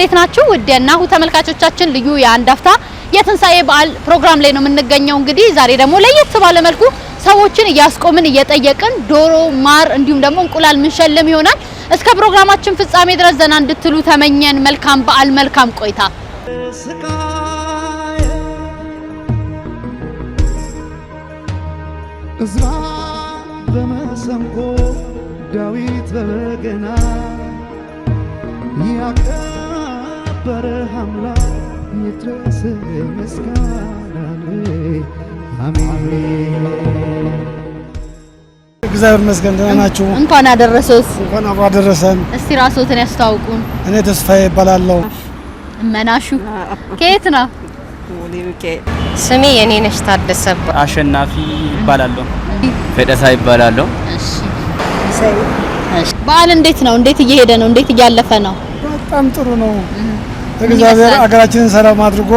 እንዴት ናችሁ? ውድ የናሁ ተመልካቾቻችን ልዩ የአንድ አፍታ የትንሳኤ በዓል ፕሮግራም ላይ ነው የምንገኘው። እንግዲህ ዛሬ ደግሞ ለየት ባለ መልኩ ሰዎችን እያስቆምን እየጠየቅን ዶሮ፣ ማር እንዲሁም ደግሞ እንቁላል ምንሸልም ይሆናል። እስከ ፕሮግራማችን ፍጻሜ ድረስ ዘና እንድትሉ ተመኘን። መልካም በዓል፣ መልካም ቆይታ። ዳዊት በበገና በረሃም ላይ ይድረስ ምስጋናን አሜን። እግዚአብሔር ይመስገን። ደህና ናችሁ? እንኳን አደረሰስ። እንኳን አብሮ አደረሰን። እስቲ ራስዎትን ያስተዋውቁን። እኔ ተስፋዬ እባላለሁ። እመናሹ ከየት ነው? ስሜ የኔነሽ ታደሰ አሸናፊ እባላለሁ። ፈደሳ ይባላለሁ። እሺ በዓል እንዴት ነው? እንዴት እየሄደ ነው? እንዴት እያለፈ ነው? በጣም ጥሩ ነው። እግዚአብሔር አገራችንን ሰላም አድርጎ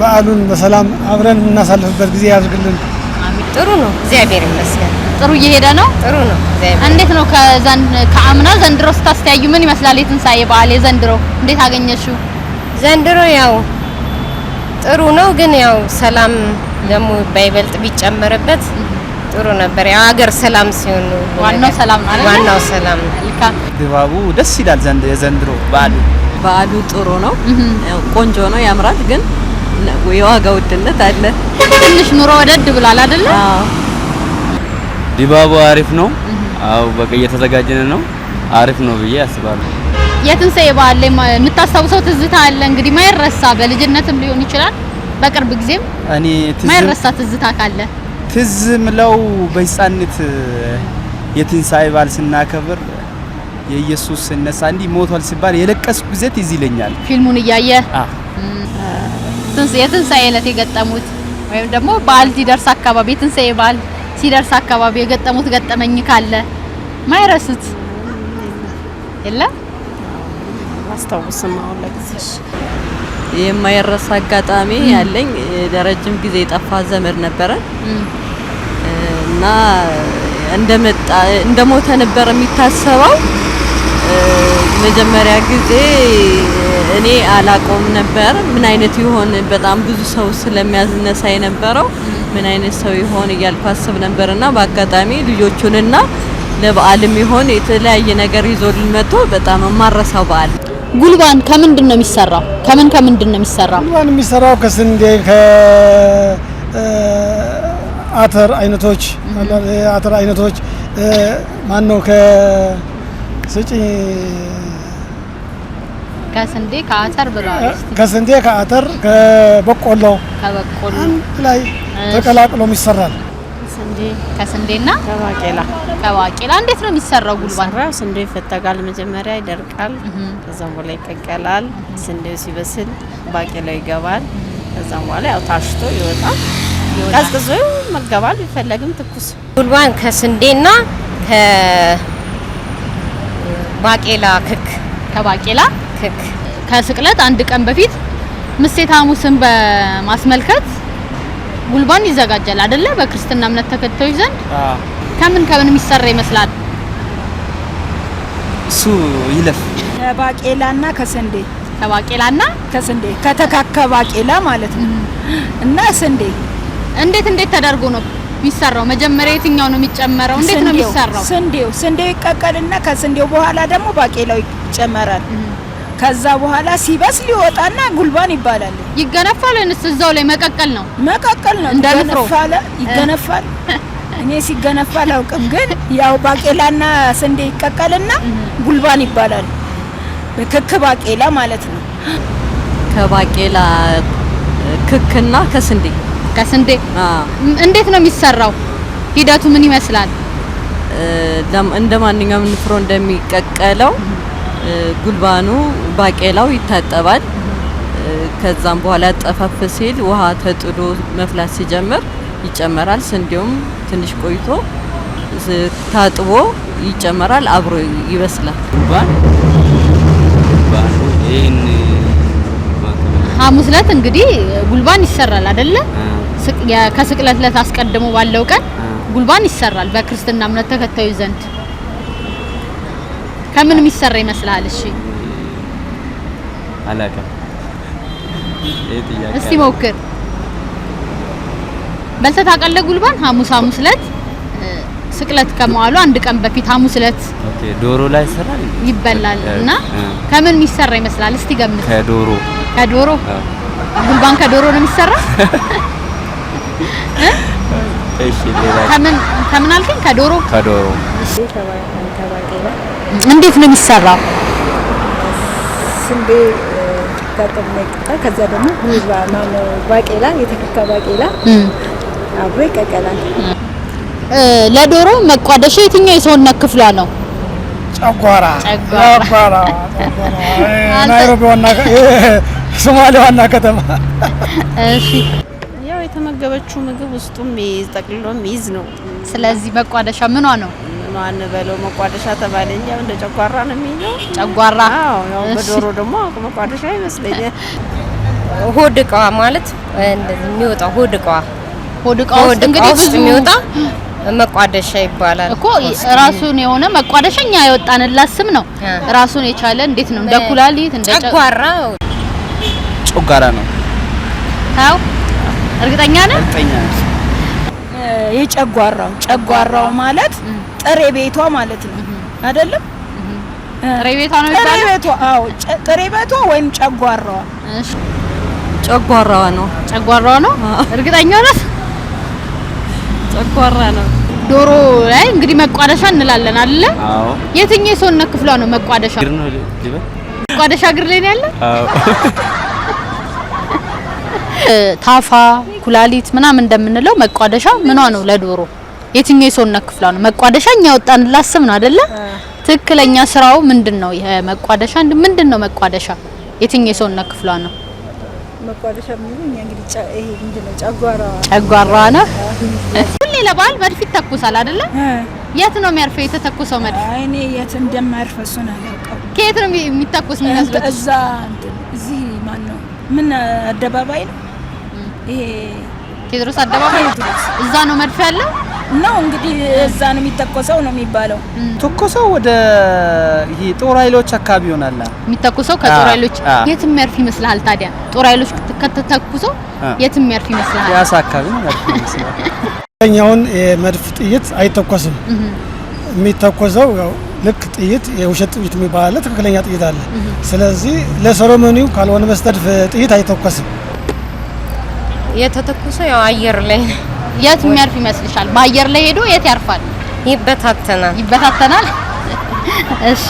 በዓሉን በሰላም አብረን የምናሳልፍበት ጊዜ ያድርግልን። ጥሩ ነው፣ እግዚአብሔር ይመስገን። ጥሩ እየሄደ ነው። ጥሩ ነው። እንዴት ነው ከአምና ዘንድሮ ስታስተያዩ ምን ይመስላል? የትንሳኤ በዓል የዘንድሮ እንዴት አገኘሽው? ዘንድሮ ያው ጥሩ ነው፣ ግን ያው ሰላም ደግሞ ባይበልጥ ቢጨመርበት ጥሩ ነበር። ያው አገር ሰላም ሲሆን ዋናው ሰላም ነው። ዋናው ሰላም ድባቡ ደስ ይላል። ዘንድ የዘንድሮ በዓሉ በዓሉ ጥሩ ነው፣ ቆንጆ ነው፣ ያምራል። ግን የዋጋ ውድነት አለ። ትንሽ ኑሮ ወደድ ብሏል አይደለ? ድባቡ አሪፍ ነው። አው በቃ እየተዘጋጀን ነው። አሪፍ ነው ብዬ አስባለሁ። የትንሳኤ በዓል ላይ የምታስታውሰው ትዝታ አለ? እንግዲህ ማይረሳ በልጅነትም ሊሆን ይችላል፣ በቅርብ ጊዜም እኔ ማይረሳ ትዝታ ካለ ትዝ ምለው በህፃነት የትንሳኤ በዓል ስናከብር የኢየሱስ ስነሳ እንዲህ ሞቷል ሲባል የለቀስ ጊዜ ትዝ ይለኛል። ፊልሙን እያየ የትንሳኤ ዕለት የገጠሙት ወይም ደግሞ በዓል ሲደርስ አካባቢ የትንሳኤ በዓል ሲደርስ አካባቢ የገጠሙት ገጠመኝ ካለ ማይረሱት የለ አስታውስም። አሁን ለጊዜሽ የማይረሳ አጋጣሚ ያለኝ ለረጅም ጊዜ የጠፋ ዘመድ ነበረ እና እንደመጣ እንደሞተ ነበር የሚታሰበው። መጀመሪያ ጊዜ እኔ አላቆም ነበር። ምን አይነት ይሆን በጣም ብዙ ሰው ስለሚያዝነሳ የነበረው ምን አይነት ሰው ይሆን እያልኩ አስብ ነበርና በአጋጣሚ ልጆቹንና ለበዓልም ይሆን የተለያየ ነገር ይዞልን መጥቶ በጣም የማረሳው በዓል። ጉልባን ከምንድን ነው የሚሰራው? ከምን ከምንድን ነው የሚሰራው? ጉልባን የሚሰራው ከስንዴ ከአተር አይነቶች አተር አይነቶች ማን ነው ከ ስጪ ከስንዴ ከአተር ብለዋል። ከስንዴ ከአተር ከበቆሎ አንድ ላይ ተቀላቅሎም ይሰራል። ከስንዴና ከባቄላ ከባቄላ እንዴት ነው የሚሰራው? ጉልባት ስንዴ ይፈተጋል። መጀመሪያ ይደርቃል። ከዛም በኋላ ይቀቀላል። ስንዴው ሲበስል ባቄላው ይገባል። ከዛም በኋላ ያው ታሽቶ ይወጣል። ቀዝቅዞ ይመገባል። ይፈለግም ትኩስ ጉልባን ከስንዴና ባቄላ ክክ ከባቄላ ክክ ከስቅለት አንድ ቀን በፊት ምሴት ሐሙስን በማስመልከት ጉልባን ይዘጋጃል አይደለ? በክርስትና እምነት ተከታዮች ዘንድ ከምን ከምን የሚሰራ ይመስላል? እሱ ይለፍ ከባቄላና ከስንዴ ከባቄላና ከስንዴ ከተካከ ባቄላ ማለት ነው እና ስንዴ እንዴት እንዴት ተደርጎ ነው የሚሰራው? መጀመሪያ የትኛው ነው የሚጨመረው? እንዴት ነው የሚሰራው? ስንዴው ስንዴው ይቀቀልና ከስንዴው በኋላ ደግሞ ባቄላው ይጨመራል። ከዛ በኋላ ሲበስ ሊወጣና ጉልባን ይባላል። ይገነፋል እንስ እዛው ላይ መቀቀል ነው መቀቀል ነው። እንደነፋለ ይገነፋል። እኔ ሲገነፋ አላውቅም፣ ግን ያው ባቄላና ስንዴ ይቀቀልና ጉልባን ይባላል። ክክ ባቄላ ማለት ነው። ከባቄላ ክክና ከስንዴ ከስንዴ እንዴት ነው የሚሰራው? ሂደቱ ምን ይመስላል? እንደ ማንኛውም ንፍሮ እንደሚቀቀለው ጉልባኑ፣ ባቄላው ይታጠባል። ከዛም በኋላ ጠፈፍ ሲል ውሃ ተጥዶ መፍላት ሲጀምር ይጨመራል። ስንዴውም ትንሽ ቆይቶ ታጥቦ ይጨመራል። አብሮ ይበስላል። ሐሙስ ዕለት እንግዲህ ጉልባን ይሰራል አይደለም ከስቅለት ዕለት አስቀድሞ ባለው ቀን ጉልባን ይሰራል በክርስትና እምነት ተከታዮች ዘንድ ከምን የሚሰራ ይመስላል? እሺ አላውቅም። እስቲ ሞክር። በልተህ ታውቃለህ? ጉልባን ሐሙስ ሐሙስ ዕለት ስቅለት ከመዋሉ አንድ ቀን በፊት ሐሙስ ዕለት ዶሮ ላይ ይሰራል ይበላል። እና ከምን የሚሰራ ይመስላል? እስቲ ገምት። ከዶሮ ከዶሮ ጉልባን ከዶሮ ነው የሚሰራ ከምን ከምን አልከኝ? ከዶሮ ከዶሮ። እንዴት ነው የሚሰራው? ስንዴ ታጠብና ከዛ ደግሞ ባቄላ፣ የተከካ ባቄላ አብሮ ይቀቀላል። ለዶሮ መቋደሻ የትኛው የሰውነት ክፍሏ ነው? ጨጓራ። ጨጓራ ናይሮቢ ዋና ሶማሌ ዋና ከተማ። እሺ የተመገበችው ምግብ ውስጡም ይይዝ ጠቅልሎ ይይዝ ነው። ስለዚህ መቋደሻ ምኗ ነው? ምኗን በለው መቋደሻ ተባለኝ። ያው እንደ ጨጓራ ነው የሚለው ጨጓራ። ያው በዶሮ ደግሞ መቋደሻ ይመስለኛል። ሆድ እቃዋ ማለት የሚወጣው ሆድ እቃዋ ሆድ እቃዋ ውስጥ እንግዲህ ብዙ የሚወጣ መቋደሻ ይባላል እኮ ራሱን የሆነ መቋደሻኛ ያወጣንላት ስም ነው። ራሱን የቻለ እንዴት ነው እንደ ኩላሊት እንደ ጨጓራ ጨጓራ ነው ታው እርግጠኛ ነህ? እርግጠኛ ነህ? የጨጓራው ጨጓራው ማለት ጥሬ ቤቷ ማለት ነው አይደለም? ጥሬ ቤቷ ነው የሚባለው። ጥሬ ቤቷ አዎ፣ ጥሬ ቤቷ ወይም ጨጓራዋ። እሺ፣ ጨጓራዋ ነው። ጨጓራዋ ነው። እርግጠኛ ነህ? ጨጓራ ነው። ዶሮ ላይ እንግዲህ መቋደሻ እንላለን አይደለ? አዎ። የትኛው የሰውነት ክፍሏ ነው መቋደሻ? መቋደሻ እግር ላይ ነው ያለ? አዎ ታፋ፣ ኩላሊት ምናምን እንደምንለው መቋደሻ ምኗ ነው ለዶሮ የትኛው የሰውነት ክፍሏ ነው? መቋደሻ እኛ ወጣን ነው አይደለ? ትክክለኛ ስራው ምንድን ነው? መቋደሻ ምንድን ነው? መቋደሻ የትኛው የሰውነት ክፍሏ ነው? መቋደሻ ጨጓራ ነው። ሁሌ ለበዓል መድፍ ይተኩሳል አይደለ? የት ነው የሚያርፈው መድፍ? እኔ የት ከየት ነው ምን እዛ እዚህ ማን ነው ምን አደባባይ ነው ይሄ ቴድሮስ አደባባይ እዛ ነው መድፍ ያለው ነው እንግዲህ እዛ ነው የሚተኮሰው ነው የሚባለው። ተኮሰው ወደ ይሄ ጦር ኃይሎች አካባቢ ይሆናል የሚተኮሰው ከጦር ኃይሎች። የትም ያርፍ ይመስልሃል ታዲያ? ጦር ኃይሎች ከተተኮሰው የትም ያርፍ ይመስልሃል? ያሳ አካባቢ ነው ያርፍ ይመስልሃል? እኛውን የመድፍ ጥይት አይተኮስም። የሚተኮሰው ያው ልክ ጥይት የውሸት ጥይት የሚባለው ትክክለኛ ጥይት አለ። ስለዚህ ለሰሎሞኒው ካልሆነ መስጠድፍ ጥይት አይተኮስም። የተተኮሰ ያው አየር ላይ የት የሚያርፍ ይመስልሻል? በአየር ላይ ሄዶ የት ያርፋል? ይበታተናል። ይበታተናል። እሺ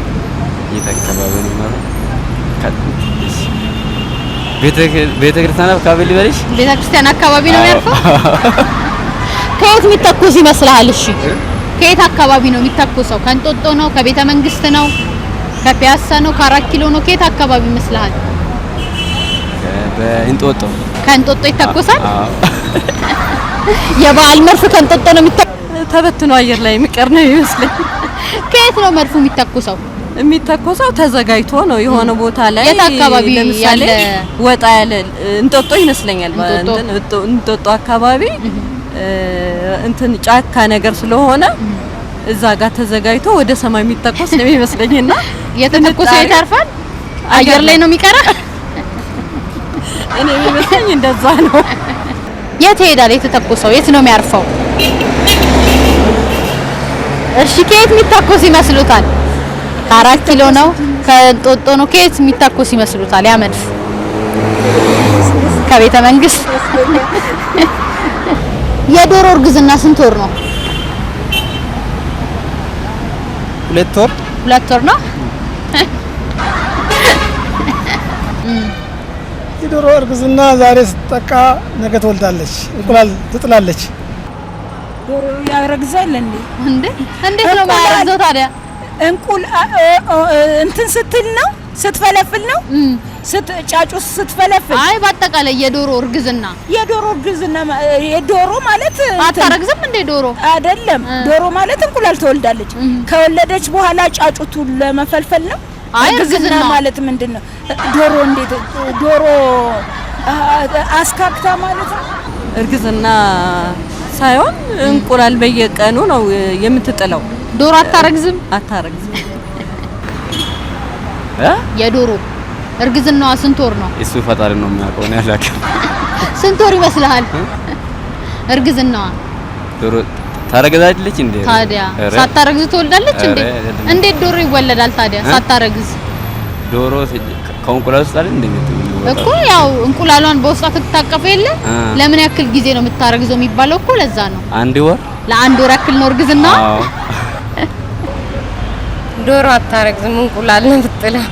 ቤተክርስቲያን አካባቢ ልበልሽ? ቤተክርስቲያን አካባቢ ነው የሚያርፈው። ከየት የሚተኮስ ይመስልሃል? እሺ ከየት አካባቢ ነው የሚተኮሰው? ከእንጦጦ ነው? ከቤተ መንግስት ነው? ከፒያሳ ነው? ከአራት ኪሎ ነው? ከየት አካባቢ ይመስልሃል? በእንጦጦ ከእንጦጦ ይተኮሳል። የበዓል መርፍ ከእንጦጦ ነው የሚተኮሰው። ተበትኖ አየር ላይ የሚቀር ነው ይመስለኝ። ከየት ነው መርፉ የሚተኮሰው? የሚተኮሰው ተዘጋጅቶ ነው የሆነ ቦታ ላይ አካባቢ ለምሳሌ ወጣ ያለ እንጦጦ ይመስለኛል። እንጦጦ አካባቢ እንትን ጫካ ነገር ስለሆነ እዛ ጋር ተዘጋጅቶ ወደ ሰማይ የሚተኮስ ነው ይመስለኝና የተተኮሰ ይተርፋል። አየር ላይ ነው የሚቀራ እኔ የሚመስለኝ እንደዛ ነው። የት ይሄዳል የተተኮሰው? የት ነው የሚያርፈው? እሺ ከየት የሚታኮስ ይመስሉታል? ከአራት ኪሎ ነው ከእንጦጦ ነው? ከየት የሚታኮስ ይመስሉታል? ያ መድፍ ከቤተ መንግስት። የዶሮ እርግዝና ስንት ወር ነው? ሁለት ወር። ሁለት ወር ነው። የዶሮ እርግዝና ዛሬ ስትጠቃ ነገ ትወልዳለች፣ እንቁላል ትጥላለች። ዶሮ ያረግዛል እንዴ? እንዴ! እንዴት ነው ማረግዘው ታዲያ? እንቁል እንትን ስትል ነው ስትፈለፍል ነው ጫጩስ ስትፈለፍል። አይ በአጠቃላይ የዶሮ እርግዝና የዶሮ እርግዝና የዶሮ ማለት አታረግዝም እንዴ? ዶሮ አይደለም። ዶሮ ማለት እንቁላል ትወልዳለች። ከወለደች በኋላ ጫጩቱን ለመፈልፈል ነው እርግዝና ማለት ምንድን ነው? ዶሮ እንዴት ዶሮ አስካክታ ማለት ነው። እርግዝና ሳይሆን እንቁላል በየቀኑ ነው የምትጥለው። ዶሮ አታረግዝም አታረግዝም። የዶሮ እርግዝናዋ ስንት ወር ነው? እሱ ፈጣሪ ነው የሚያውቀው። ነው አላውቅም። ስንት ወር ይመስልሃል እርግዝናዋ? ታረግዛለች እንዴ? ታዲያ ሳታረግዝ ትወልዳለች እንዴ? እንዴት ዶሮ ይወለዳል ታዲያ ሳታረግዝ? ዶሮ ከእንቁላል ውስጥ አይደል እንዴ እኮ ያው እንቁላሏን በውስጧ ትታቀፈ የለ ለምን ያክል ጊዜ ነው የምታረግዘው የሚባለው እኮ ለዛ ነው። አንድ ወር ለአንድ ወር ያክል ነው እርግዝና። ዶሮ አታረግዝም፣ እንቁላል ነው የምትጥለው።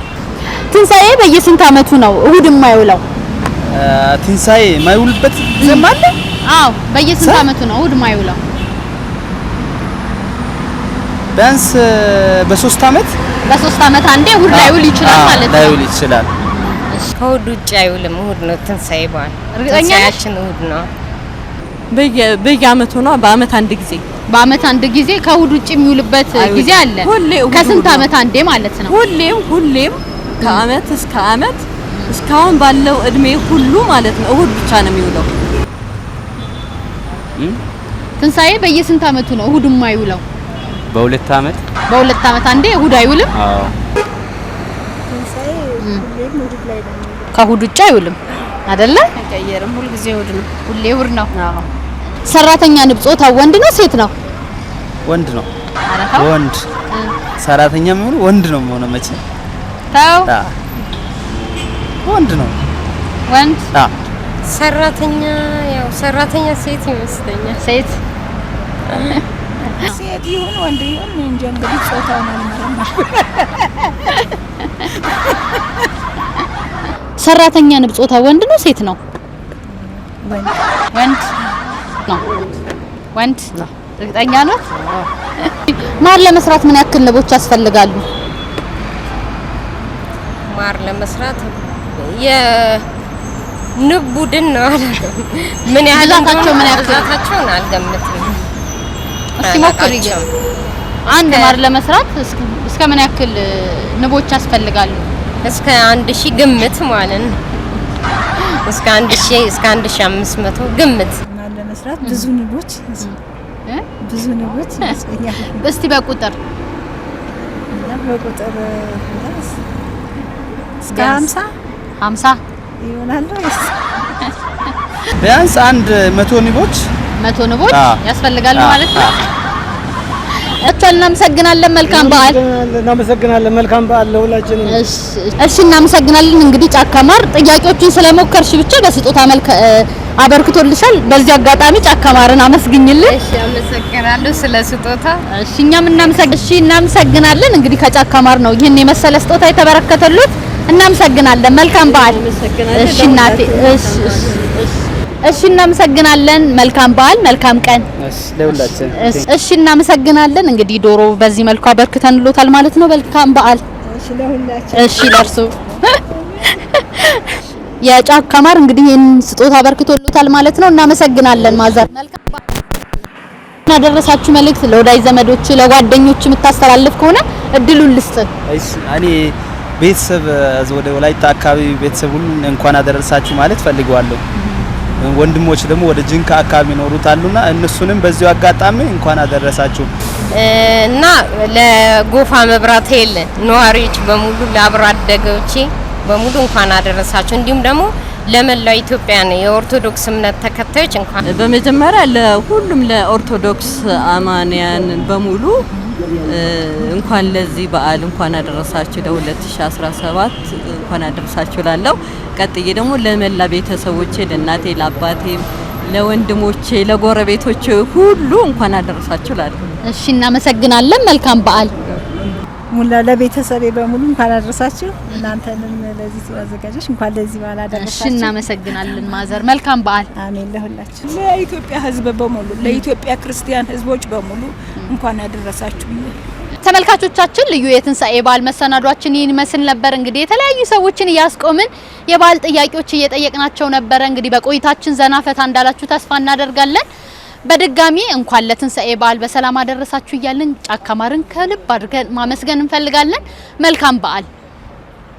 ትንሳኤ በየስንት አመቱ ነው እሁድ የማይውለው? ትንሳኤ የማይውልበት ዘማለ? አዎ በየስንት አመቱ ነው እሁድ የማይውለው? ቢያንስ በሶስት አመት በሶስት አመት አንዴ እሁድ ላይውል ይችላል ማለት ነው። ላይውል ይችላል። ከእሑድ ውጭ አይውልም። እሁድ ነው ትንሳኤ በዓል። እርግጠኛ ነሽ? ነው። በየአመቱ ነው። በአመት አንድ ጊዜ በአመት አንድ ጊዜ ከእሑድ ውጭ የሚውልበት ጊዜ አለ። ከስንት አመት አንዴ ማለት ነው። ሁሌም ሁሌም ከአመት እስከ አመት እስካሁን ባለው እድሜ ሁሉ ማለት ነው እሁድ ብቻ ነው የሚውለው። ትንሳኤ በየስንት አመቱ ነው እሑድ የማይውለው? በሁለት አመት በሁለት አመት አንዴ እሁድ አይውልም። አዎ ከእሁድ ውጭ አይውልም አይደለ? አይቀየርም። ሁልጊዜ እሁድ ነው። ሁሌ እሁድ ነው። አዎ ሰራተኛ ንብ ጾታ ወንድ ነው ሴት ነው? ወንድ ነው። አረፋ ወንድ ሰራተኛ ምን ወንድ ነው ሆነ መቼ ታው ወንድ ነው። ወንድ ሰራተኛ ያው ሰራተኛ ሴት ይመስለኛል። ሴት ሴት ይሁን ወንድ ይሁን እንጂ እንግዲህ ጾታው ነው የሚመረመር። ሰራተኛ ንብ ጾታ ወንድ ነው ሴት ነው? ወንድ ነው። ወንድ ነው። እርግጠኛ ነው። ማር ለመስራት ምን ያክል ንቦች ያስፈልጋሉ? ማር ለመስራት የንብ ቡድን ነው አላለም። ምን ያህል ብዛታቸው ምን ያክል ብዛታቸውን አልገምትም እስቲ ሞክሪ አንድ ማር ለመስራት እስከ ምን ያክል ንቦች ያስፈልጋሉ? እስከ አንድ ሺህ ግምት ማለት ነው። እስከ አንድ ሺህ እስከ አንድ ሺህ አምስት መቶ ግምት ማር ለመስራት ብዙ ንቦች ብዙ ንቦች ያስፈልጋሉ። እስቲ በቁጥር በቁጥር እስከ ሀምሳ ሀምሳ ይሆናል ቢያንስ አንድ መቶ ንቦች መቶ ንቦች ያስፈልጋሉ ማለት ነው። እቻል እናመሰግናለን። መልካም በዓል። እናመሰግናለን። መልካም በዓል ለሁላችንም። እሺ እሺ፣ እናመሰግናለን። እንግዲህ ጫካ ማር ጥያቄዎቹን ስለሞከርሽ ብቻ በስጦታ መልክ አበርክቶልሻል። በዚህ አጋጣሚ ጫካ ማርን አመስግኝልን። እሺ፣ አመሰግናለሁ ስለ ስጦታ። እሺ፣ እኛም እናመሰግናለን። እንግዲህ ከጫካ ማር ነው ይህን የመሰለ ስጦታ የተበረከተሉት። እናመሰግናለን። መልካም በዓል። እሺ እናቴ። እሺ እሺ እሺ እናመሰግናለን። መልካም በዓል፣ መልካም ቀን ለሁላችን። እሺ እናመሰግናለን። እንግዲህ ዶሮ በዚህ መልኩ አበርክተን ሎታል ማለት ነው። መልካም በዓል። እሺ ለእርሱ የጫካ ማር እንግዲህ ይህን ስጦታ አበርክቶ ማለት ነው። እናመሰግናለን። ማዘር መልካም በዓል። ያደረሳችሁ መልእክት ለወዳጅ ዘመዶች፣ ለጓደኞች የምታስተላልፍ ከሆነ እድሉን ልስጥ። እኔ ቤተሰብ ወደ ወላይታ አካባቢ ቤተሰብ ሁሉ እንኳን አደረሳችሁ ማለት ፈልገዋለሁ። ወንድሞች ደግሞ ወደ ጅንካ አካባቢ ይኖሩት አሉና እነሱንም በዚሁ አጋጣሚ እንኳን አደረሳችሁ እና ለጎፋ መብራት ኃይል ነዋሪዎች በሙሉ ለአብሮ አደጎቼ በሙሉ እንኳን አደረሳችሁ። እንዲሁም ደግሞ ለመላው ኢትዮጵያን የኦርቶዶክስ እምነት ተከታዮች እንኳን በመጀመሪያ ለሁሉም ለኦርቶዶክስ አማንያን በሙሉ እንኳን ለዚህ በዓል እንኳን አደረሳችሁ ለ2017 እንኳን አደረሳችሁ ላለው ቀጥዬ ደግሞ ለመላ ቤተሰቦቼ ለእናቴ፣ ለአባቴ፣ ለወንድሞቼ፣ ለጎረቤቶቼ ሁሉ እንኳን አደረሳችሁ ላለሁ። እሺ፣ እናመሰግናለን። መልካም በዓል ለቤተሰቤ በሙሉ እንኳን አደረሳችሁ። እናንተንም ለዚህ አዘጋጆች እንኳን ለዚህ በዓል አደረሳችሁ። እናመሰግናለን ማዘር። መልካም በዓል። አሜን። ለሁላችሁ ለኢትዮጵያ ሕዝብ በሙሉ ለኢትዮጵያ ክርስቲያን ሕዝቦች በሙሉ እንኳን አደረሳችሁ። ተመልካቾቻችን ልዩ የትንሳኤ በዓል መሰናዷችን ይህን ይመስል ነበር። እንግዲህ የተለያዩ ሰዎችን እያስቆምን የበዓል ጥያቄዎች እየጠየቅናቸው ነበረ። እንግዲህ በቆይታችን ዘና ፈታ እንዳላችሁ ተስፋ እናደርጋለን። በድጋሚ እንኳን ለትንሳኤ በዓል በሰላም አደረሳችሁ እያለን ጫካ ማርን ከልብ አድርገን ማመስገን እንፈልጋለን። መልካም በዓል